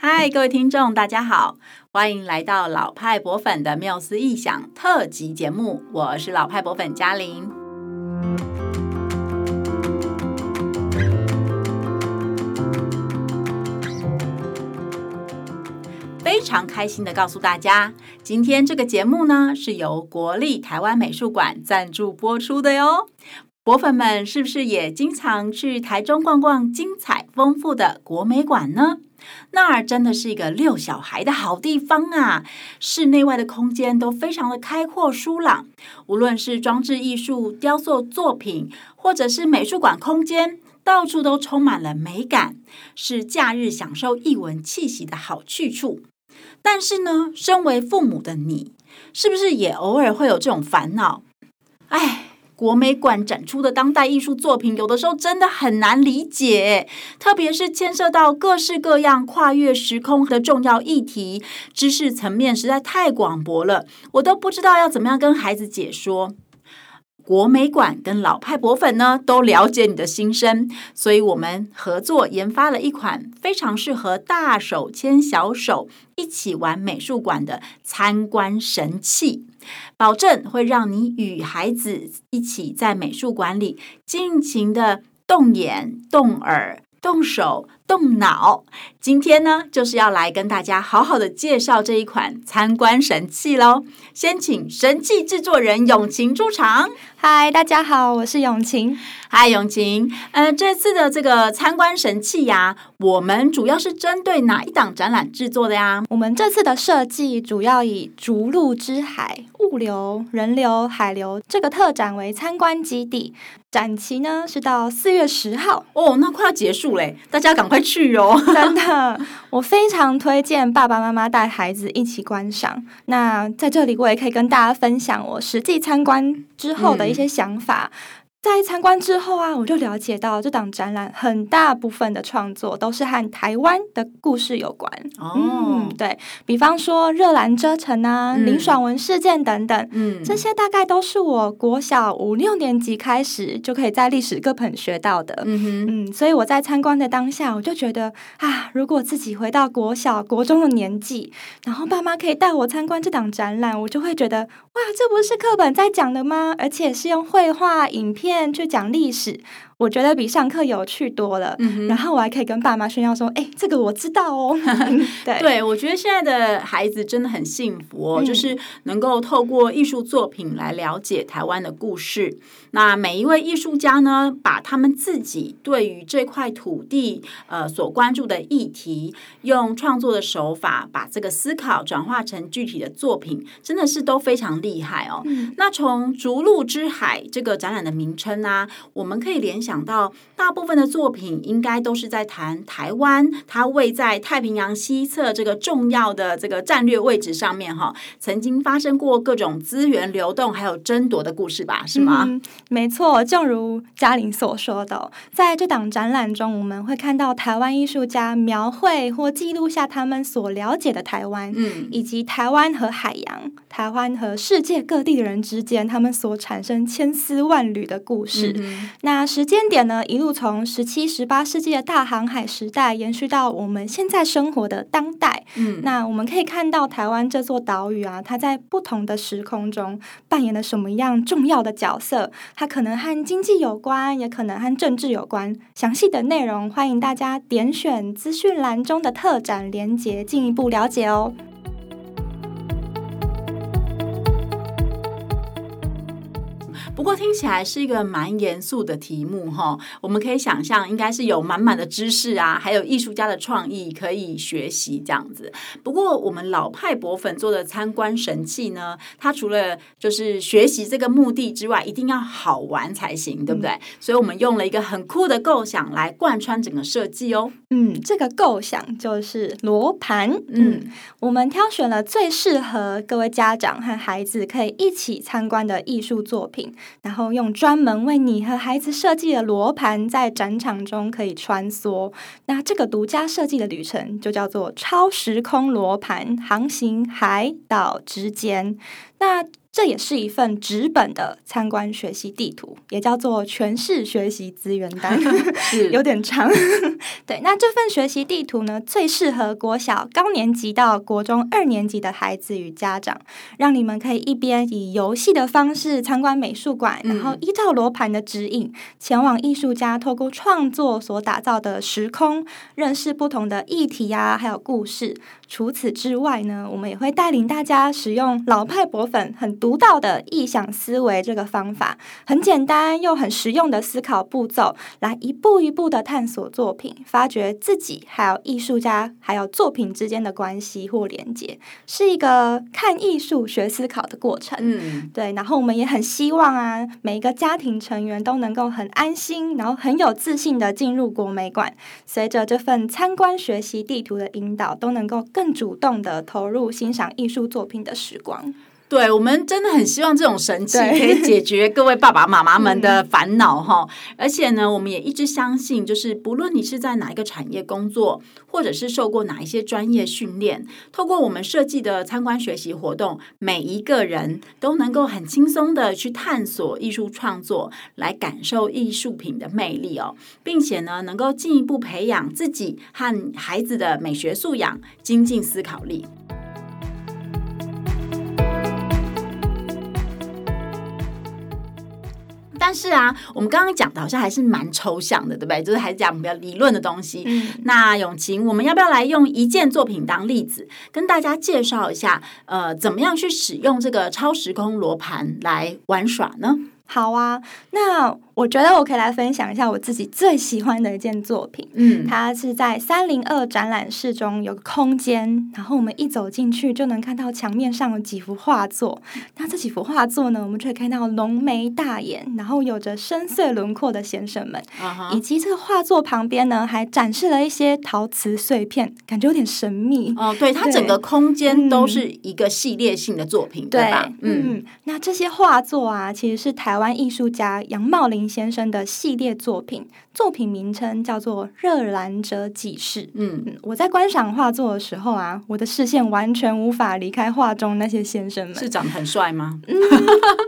嗨，各位聽眾，大家好，歡迎來到老派博粉的妙思異想特輯節目，我是老派博粉嘉玲。非常開心的告訴大家，今天這個節目呢是由國立台灣美術館贊助播出的喲。博粉們是不是也經常去台中逛逛精彩豐富的國美館呢？那兒真的是一個遛小孩的好地方啊！室內外的空間都非常的開闊舒朗，無論是裝置藝術、雕塑作品，或者是美術館空間，到處都充滿了美感，是假日享受藝文氣息的好去處。但是呢，身為父母的你，是不是也偶爾會有這種煩惱？哎。國美館展出的當代藝術作品，有的時候真的很難理解，特別是牽涉到各式各樣跨越時空的重要議題，知識層面實在太廣博了，我都不知道要怎麼樣跟孩子解說。國美館跟老派博粉呢，都了解你的心聲，所以我們合作研發了一款非常適合大手牽小手一起玩美術館的參觀神器，保證會讓你與孩子一起在美術館裡盡情的動眼、動耳、動手。動腦，今天呢就是要來跟大家好好的介紹這一款參觀神器嘍。先請神器制作人永晴出場。嗨，大家好，我是永晴。嗨，永晴。呃，這次的這個參觀神器呀、啊，我們主要是針對哪一檔展覽制作的呀？我們這次的設計主要以“逐鹿之海”物流、人流、海流這個特展為參觀基地，展期呢是到四月十號。哦、oh，那快要結束嘞，大家趕快。去哦，真的，我非常推薦爸爸媽媽帶孩子一起觀賞。那在這裡，我也可以跟大家分享我實際參觀之後的一些想法。嗯在參觀之後啊，我就了解到了這檔展覽很大部分的創作都是和台灣的故事有關哦、oh. 嗯。對，比方說熱蘭遮城啊、嗯、林爽文事件等等，嗯，這些大概都是我國小五六年級開始就可以在歷史課本學到的。嗯哼，嗯，所以我在參觀的當下，我就覺得啊，如果自己回到國小、國中的年紀，然後爸媽可以帶我參觀這檔展覽，我就會覺得哇，這不是課本在講的嗎？而且是用繪畫、影片。就講歷史。我覺得比上課有趣多了，嗯、然後我還可以跟爸媽炫耀說：“誒，這個我知道哦。 ”對， 對我覺得現在的孩子真的很幸福哦、嗯，就是能夠透過藝術作品來了解台灣的故事。那每一位藝術家呢，把他們自己對於這塊土地呃所關注的議題，用創作的手法把這個思考轉化成具體的作品，真的是都非常厲害哦。嗯、那從《逐鹿之海》這個展覽的名稱啊，我們可以聯。想到大部分的作品，應該都是在談台灣，它位在太平洋西側這個重要的這個戰略位置上面哈，曾經發生過各種資源流動還有爭奪的故事吧，是嗎？嗯、沒錯，正如嘉玲所說的，在這檔展覽中，我們會看到台灣藝術家描繪或記錄下他們所了解的台灣，嗯，以及台灣和海洋、台灣和世界各地的人之間他們所產生千絲萬縷的故事。嗯、那時間。點呢，一路從十七、十八世紀的大航海時代延續到我們現在生活的當代。嗯，那我們可以看到台灣這座島嶼啊，它在不同的時空中扮演了什麼樣重要的角色？它可能和經濟有關，也可能和政治有關。詳細的內容，歡迎大家點選資訊欄中的特展連接進一步了解哦。不過聽起來是一個蠻嚴肅的題目哈、哦，我們可以想象應該是有滿滿的知識啊，還有藝術家的創意可以學習這樣子。不過我們老派博粉做的參觀神器呢，它除了就是學習這個目的之外，一定要好玩才行、嗯，對不對？所以我們用了一個很酷的構想來貫穿整個設計哦。嗯，這個構想就是羅盤。嗯，嗯，我們挑選了最適合各位家長和孩子可以一起參觀的藝術作品。然後用專門為你和孩子設計的羅盤，在展場中可以穿梭。那這個獨家設計的旅程，就叫做“超時空羅盤：航行海、島之間”。那這也是一份紙本的參觀學習地圖，也叫做全市學習資源單，有點長。 對，那這份學習地圖呢，最適合國小高年級到國中二年級的孩子與家長，讓你們可以一邊以遊戲的方式參觀美術館，嗯、然後依照羅盤的指引前往藝術家透過創作所打造的時空，認識不同的議題啊，還有故事。除此之外呢，我們也會帶領大家使用老派博粉很獨到的意想思維這個方法，很簡單又很實用的思考步驟，來一步一步的探索作品，發掘自己、還有藝術家、還有作品之間的關係或連接，是一個看藝術學思考的過程。嗯嗯，對。然後我們也很希望啊，每一個家庭成員都能夠很安心，然後很有自信的進入國美館，隨着這份參觀學習地圖的引導，都能夠。更主動地投入欣賞藝術作品的時光。對，我們真的很希望這種神器可以解決各位爸爸媽媽們的煩惱哈、哦 嗯。而且呢，我們也一直相信，就是不論你是在哪一個產業工作，或者是受過哪一些專業訓練，透過我們設計的參觀學習活動，每一個人都能夠很輕鬆的去探索藝術創作，來感受藝術品的魅力哦，並且呢，能夠進一步培養自己和孩子的美學素養，精進思考力。但是啊，我們剛剛講的好像還是蠻抽象的，對不對？就是還是講比較理論的東西。嗯。那永晴，我們要不要來用一件作品當例子，跟大家介紹一下，呃，怎麼樣去使用這個超時空羅盤來玩耍呢？好啊，那我覺得我可以來分享一下我自己最喜歡的一件作品。嗯，它是在三零二展覽室中有個空間，然後我們一走進去就能看到牆面上有幾幅畫作。那這幾幅畫作呢，我們就可以看到濃眉大眼，然後有着深邃輪廓的先生們，嗯、以及這個畫作旁邊呢，還展示了一些陶瓷碎片，感覺有點神秘。哦，對，對，它整個空間都是一個系列性的作品，嗯、對，對吧嗯？嗯，那這些畫作啊，其實是台台灣藝術家楊茂林先生的系列作品。作品名稱叫做《熱蘭遮紀事》。嗯，我在觀賞畫作的時候啊，我的視線完全無法離開畫中那些先生們。是長得很帥嗎？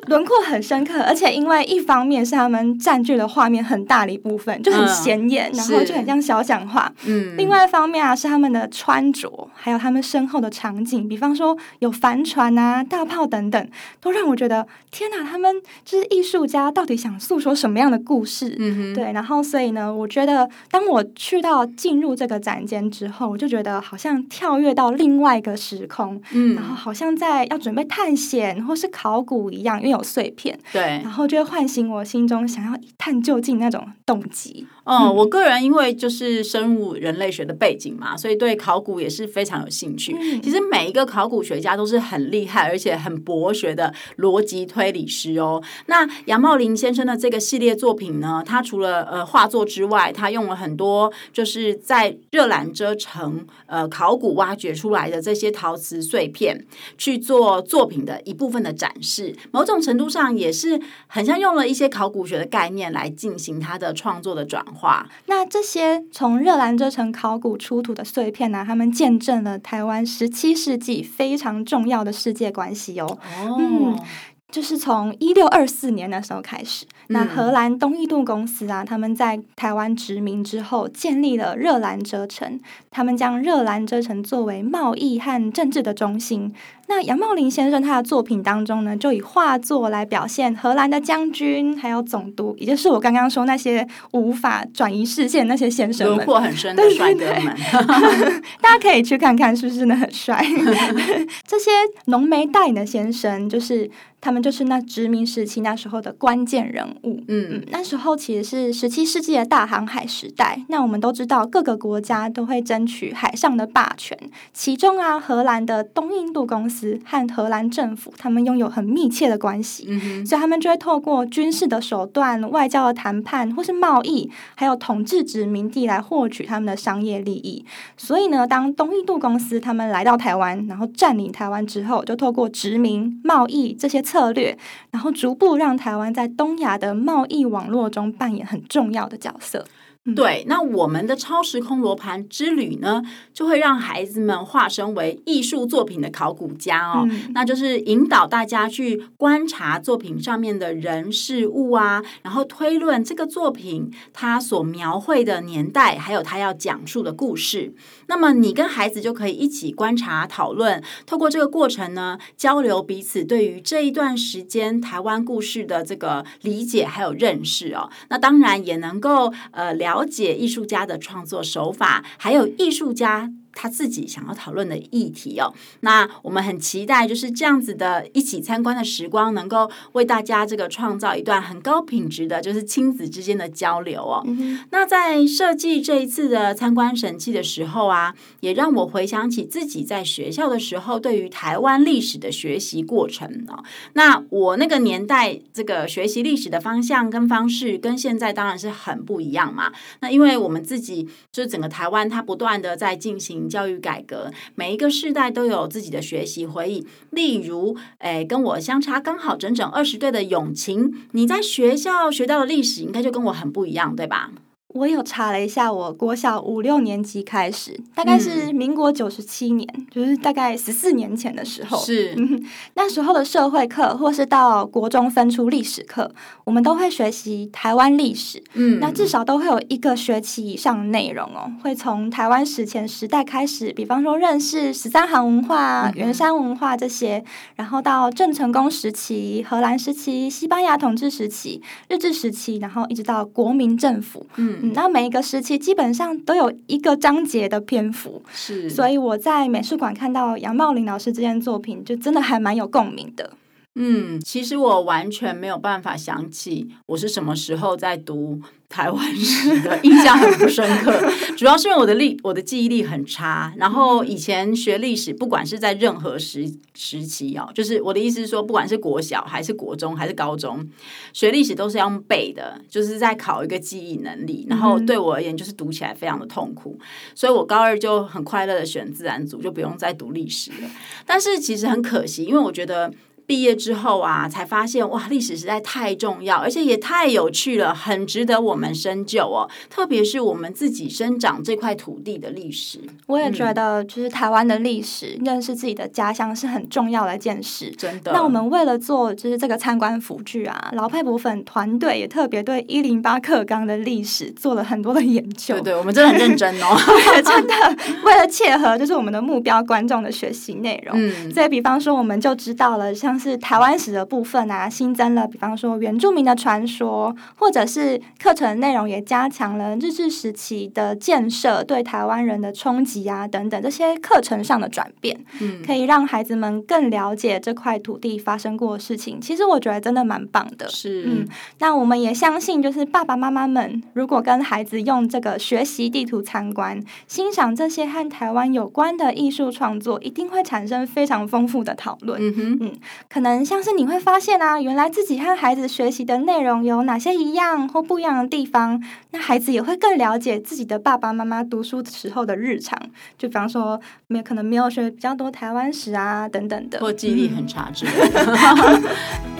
輪、嗯、 廓很深刻，而且因為一方面是他們佔據了畫面很大的一部分，就很顯眼、嗯，然後就很像肖像畫。嗯。另外一方面啊，是他們的穿着，還有他們身後的場景，比方說有帆船啊、大炮等等，都讓我覺得天哪、啊！他們就是藝術家到底想訴說什麼樣的故事？嗯對，然後所以。所以呢，我覺得當我去到進入這個展間之後，我就覺得好像跳躍到另外一個時空，嗯，然後好像在要準備探險或是考古一樣，因為有碎片，對，然後就會喚醒我心中想要一探究竟那種動機。哦，我個人因為就是生物人類學的背景嘛，所以對考古也是非常有興趣。嗯、其實每一個考古學家都是很厲害而且很博學的邏輯推理師哦。那楊茂林先生的這個系列作品呢，他除了呃畫作之外，他用了很多就是在熱蘭遮城呃考古挖掘出來的這些陶瓷碎片去做作品的一部分的展示。某種程度上也是很像用了一些考古學的概念來進行他的創作的轉化。那這些從熱蘭遮城考古出土的碎片呢、啊，他們見證了台灣十七世紀非常重要的世界關係哦。Oh. 嗯，就是從一六二四年的時候開始，那荷蘭東印度公司啊，mm. 他們在台灣殖民之後建立了熱蘭遮城，他們將熱蘭遮城作為貿易和政治的中心。那楊茂林先生他的作品當中呢，就以畫作來表現荷蘭的將軍，還有總督，也就是我剛剛說那些無法轉移視線那些先生們，輪廓很深的帥哥們，對對對 大家可以去看看是不是真的很帥。 這些濃眉大眼的先生，就是他們，就是那殖民時期那時候的關鍵人物。嗯，那時候其實是十七世紀的大航海時代。那我們都知道，各個國家都會爭取海上的霸權，其中啊，荷蘭的東印度公司。和荷蘭政府，他們擁有很密切的關係。嗯，所以他們就會透過軍事的手段、外交的談判，或是貿易，還有統治殖民地來獲取他們的商業利益。所以呢，當東印度公司他們來到台灣，然後占領台灣之後，就透過殖民貿易這些策略，然後逐步讓台灣在東亞的貿易網絡中扮演很重要的角色。嗯、對，那我們的超時空羅盤之旅呢，就會讓孩子們化身為藝術作品的考古家哦。嗯、那就是引導大家去觀察作品上面的人事物啊，然後推論這個作品它所描繪的年代，還有它要講述的故事。那麼你跟孩子就可以一起觀察、討論，透過這個過程呢，交流彼此對於這一段時間台灣故事的這個理解還有認識哦。那當然也能夠呃聊。了解藝術家的創作手法，還有藝術家。他自己想要討論的議題哦，那我們很期待，就是這樣子的一起參觀的時光，能夠為大家這個創造一段很高品質的，就是親子之間的交流哦。嗯、那在設計這一次的參觀神器的時候啊，也讓我回想起自己在學校的時候對於臺灣歷史的學習過程哦。那我那個年代這個學習歷史的方向跟方式，跟現在當然是很不一樣嘛。那因為我們自己就是整個臺灣，它不斷的在進行教育改革，每一個世代都有自己的學習回憶。例如，誒、哎，跟我相差剛好整整二十歲的永晴，你在學校學到的歷史，應該就跟我很不一樣，對吧？我有查了一下，我國小五六年級開始，大概是民國九十七年，嗯，就是大概十四年前的時候。是，嗯、那時候的社會課，或是到國中分出歷史課，我們都會學習台灣歷史。嗯，那至少都會有一個學期以上的內容哦，會從台灣史前時代開始，比方說認識十三行文化、圓、okay. 山文化這些，然後到鄭成功時期、荷蘭時期、西班牙統治時期、日治時期，然後一直到國民政府。嗯。嗯，那每一個時期基本上都有一個章節的篇幅，是，所以我在美術館看到楊茂林老師這件作品，就真的還蠻有共鳴的。嗯，其實我完全沒有辦法想起我是什麼時候在讀台灣史的， 印象很不深刻。主要是因為我的歷，我的記憶力很差。然後以前學歷史，不管是在任何時時期哦，就是我的意思是說，不管是國小還是國中還是高中，學歷史都是要背的，就是在考一個記憶能力。然後對我而言，就是讀起來非常的痛苦。所以我高二就很快樂的選自然組，就不用再讀歷史了。但是其實很可惜，因為我覺得。畢業之後啊，才發現哇，歷史實在太重要，而且也太有趣了，很值得我們深究哦。特別是我們自己生長這塊土地的歷史，我也覺得就是台灣的歷史、嗯，認識自己的家鄉是很重要的一件事。真的。那我們為了做就是這個參觀輔具啊，老派博粉團隊也特別對一零八課綱的歷史做了很多的研究。對，對，對，我們真的很認真哦， 真的為了切合就是我們的目標觀眾的學習內容。嗯。所以比方說，我們就知道了像，是台灣史的部分啊，新增了，比方說原住民的傳說，或者是課程內容也加強了日治時期的建設對台灣人的衝擊啊，等等這些課程上的轉變，嗯，可以讓孩子們更了解這塊土地發生過的事情。其實我覺得真的蠻棒的，是，嗯，那我們也相信，就是爸爸媽媽們如果跟孩子用這個學習地圖參觀、欣賞這些和台灣有關的藝術創作，一定會產生非常豐富的討論，嗯哼，嗯可能像是你會發現啊，原來自己和孩子學習的內容有哪些一樣或不一樣的地方，那孩子也會更了解自己的爸爸媽媽讀書時候的日常。就比方說，沒可能沒有學比較多台灣史啊等等的，或記憶力很差之類的。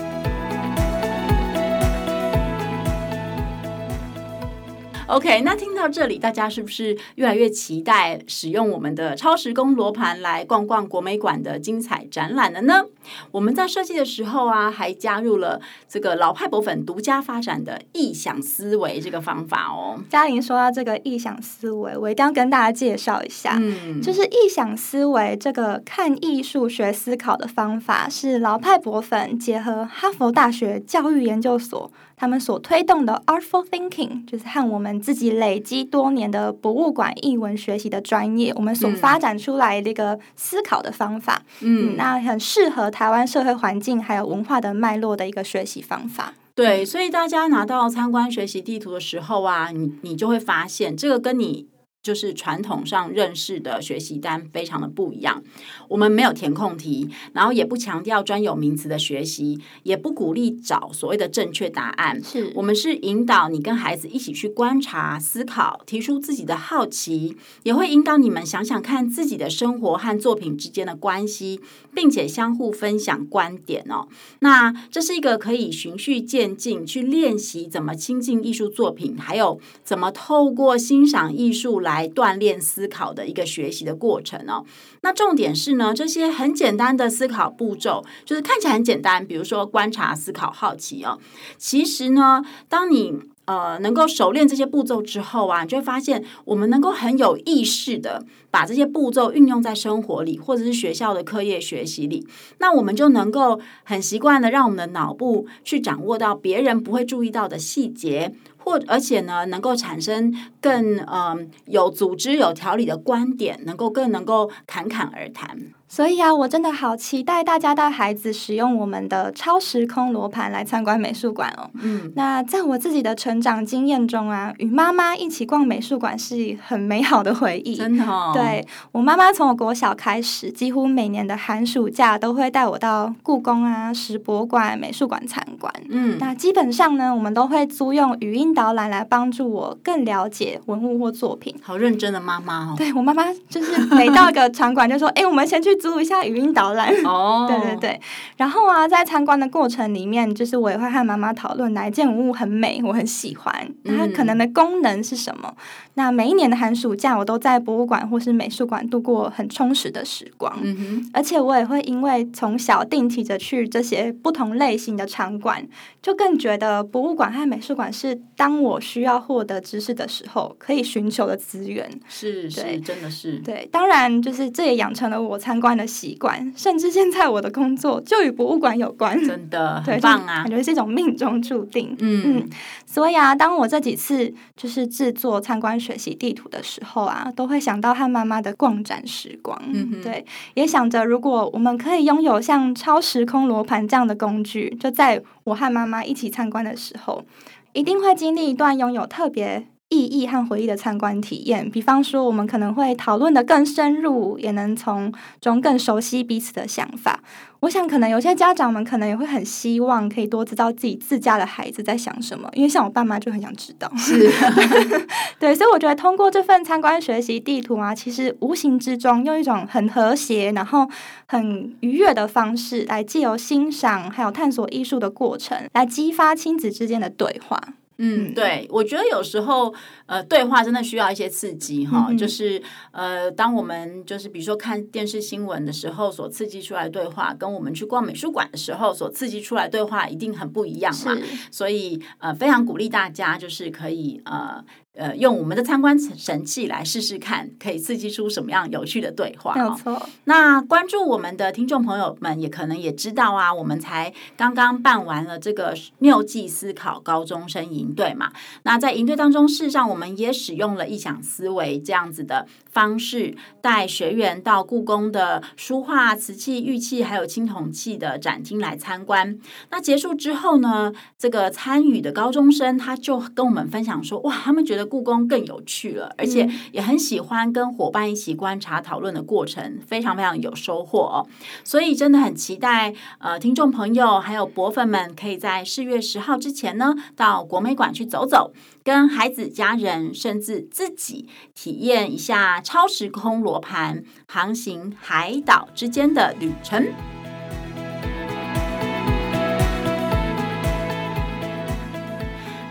OK，那聽到這裡，大家是不是越來越期待使用我們的超時空羅盤來逛逛國美館的精彩展覽了呢？我們在設計的時候啊，還加入了這個老派博粉獨家發展的異想思維這個方法哦。嘉玲，說到這個異想思維，我一定要跟大家介紹一下，嗯，就是異想思維這個看藝術學思考的方法，是老派博粉結合哈佛大學教育研究所。他們所推動的 Artful Thinking，就是和我們自己累積多年的博物館藝文學習的專業，我們所發展出來的一個思考的方法嗯。嗯，那很適合台灣社會環境還有文化的脈絡的一個學習方法。對，所以大家拿到參觀學習地圖的時候啊，你你就會發現，這個跟你。就是傳統上認識的學習單非常的不一樣。我們沒有填空題，然後也不強調專有名詞的學習，也不鼓勵找所謂的正確答案。是，我們是引導你跟孩子一起去觀察、思考，提出自己的好奇，也會引導你們想想看自己的生活和作品之間的關係，並且相互分享觀點哦。那這是一個可以循序漸進去練習怎麼親近藝術作品，還有怎麼透過欣賞藝術來。來鍛鍊思考的一個學習的過程哦。那重點是呢，這些很簡單的思考步驟，就是看起來很簡單，比如說觀察、思考、好奇哦。其實呢，當你呃能夠熟練這些步驟之後啊，你就會發現，我們能夠很有意識的把這些步驟運用在生活裡，或者是學校的課業學習裡。那我們就能夠很習慣的讓我們的腦部去掌握到別人不會注意到的細節。或而且呢，能夠產生更嗯、呃、有組織、有條理的觀點，能夠更能夠侃侃而談。所以啊，我真的好期待大家帶孩子使用我們的超時空羅盤來參觀美術館哦。嗯，那在我自己的成長經驗中啊，與媽媽一起逛美術館是很美好的回憶。真的哦。對，我媽媽從我國小開始，幾乎每年的寒暑假都會帶我到故宮啊、史博館、美術館參觀。嗯，那基本上呢，我們都會租用語音。導覽來幫助我更了解文物或作品。好認真的媽媽哦！對，我媽媽就是每到一個場館就說：“哎、 欸，我們先去租一下語音導覽。”哦，對對對。然後啊，在參觀的過程裡面，就是我也會和媽媽討論哪一件文物，物很美，我很喜歡，嗯、它可能的功能是什麼。那每一年的寒暑假，我都在博物館或是美術館度過很充實的時光。嗯哼，而且我也會因為從小定期的去這些不同類型的場館，就更覺得博物館和美術館是。當我需要獲得知識的時候，可以尋求的資源是對是，真的是對。當然，就是這也養成了我參觀的習慣，甚至現在我的工作就與博物館有關，真的對，很棒啊！感覺是一種命中注定，嗯，嗯，所以啊，當我這幾次就是制作參觀學習地圖的時候啊，都會想到和媽媽的逛展時光，嗯嗯。對，也想着如果我們可以擁有像超時空羅盤這樣的工具，就在我和媽媽一起參觀的時候。一定會經歷一段擁有特別。意義和回憶的參觀體驗，比方說，我們可能會討論得更深入，也能從中更熟悉彼此的想法。我想，可能有些家長們可能也會很希望可以多知道自己自家的孩子在想什麼，因為像我爸媽就很想知道。是、啊、 對，所以我覺得通過這份參觀學習地圖啊，其實無形之中用一種很和諧，然後很愉悅的方式來藉由欣賞，還有探索藝術的過程，來激發親子之間的對話。嗯，對，我覺得有時候呃，對話真的需要一些刺激哈，哦，嗯，就是呃，當我們就是比如說看電視新聞的時候，所刺激出來的對話，跟我們去逛美術館的時候所刺激出來的對話一定很不一樣嘛，所以呃，非常鼓勵大家就是可以呃。呃，用我們的參觀神器來試試看，可以刺激出什麼樣有趣的對話哦？沒有錯。那關注我們的聽眾朋友們，也可能也知道啊，我們才剛剛辦完了這個妙計思考高中生營隊嘛。那在營隊當中，事實上我們也使用了異想思維這樣子的方式，帶學員到故宮的書畫、瓷器、玉器還有青銅器的展廳來參觀。那結束之後呢，這個參與的高中生他就跟我們分享說，哇，他們覺得。故宮更有趣了，而且也很喜歡跟夥伴一起觀察、討論的過程，非常非常有收穫哦。所以真的很期待，呃，聽眾朋友還有博粉們，可以在四月十號之前呢，到國美館去走走，跟孩子、家人甚至自己體驗一下超時空羅盤航行海、島之間的旅程。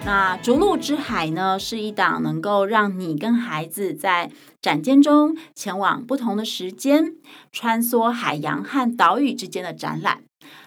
那《逐鹿之海》呢，是一檔能夠讓你跟孩子在展間中前往不同的時間，穿梭海洋和島嶼之間的展覽。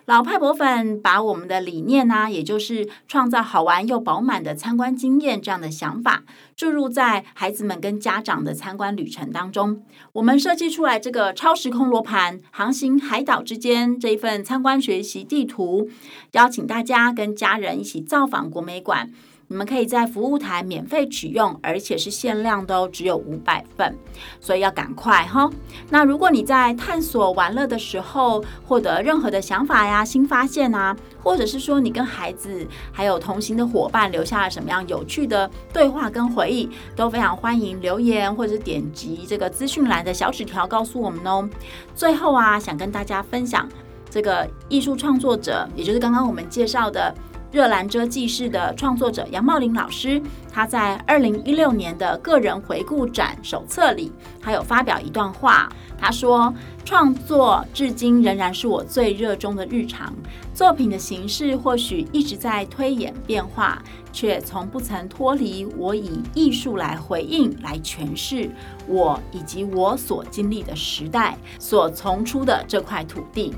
老派博粉把我們的理念呢、啊，也就是創造好玩又飽滿的參觀經驗這樣的想法，注入在孩子們跟家長的參觀旅程當中。我們設計出來這個超時空羅盤，航行海、島之間這一份參觀學習地圖，邀請大家跟家人一起造訪國美館。你們可以在服務台免費取用，而且是限量的，只有五百份，所以要趕快哈、哦。那如果你在探索玩樂的時候獲得任何的想法呀、新發現啊，或者是說你跟孩子還有同行的夥伴留下了什麼樣有趣的對話跟回憶，都非常歡迎留言或者點擊這個資訊欄的小紙條告訴我們哦。最後啊，想跟大家分享這個藝術創作者，也就是剛剛我們介紹的。《熱蘭遮紀事》的創作者楊茂林老師，他在二零一六年的個人回顧展手冊裡，他有發表一段話。他說：“創作至今仍然是我最熱衷的日常。作品的形式或許一直在推演變化，卻從不曾脫離我以藝術來回應、來詮釋我以及我所經歷的時代所從出的這塊土地。”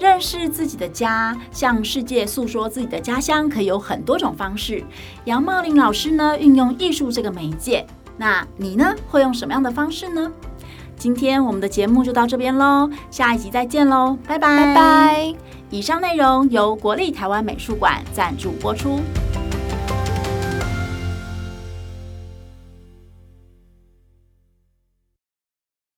認識自己的家，向世界訴說自己的家鄉，可以有很多種方式。楊茂林老師呢，運用藝術這個媒介，那你呢，會用什麼樣的方式呢？今天我們的節目就到這邊嘍，下一集再見嘍，拜拜拜拜！以上內容由國立台灣美術館贊助播出。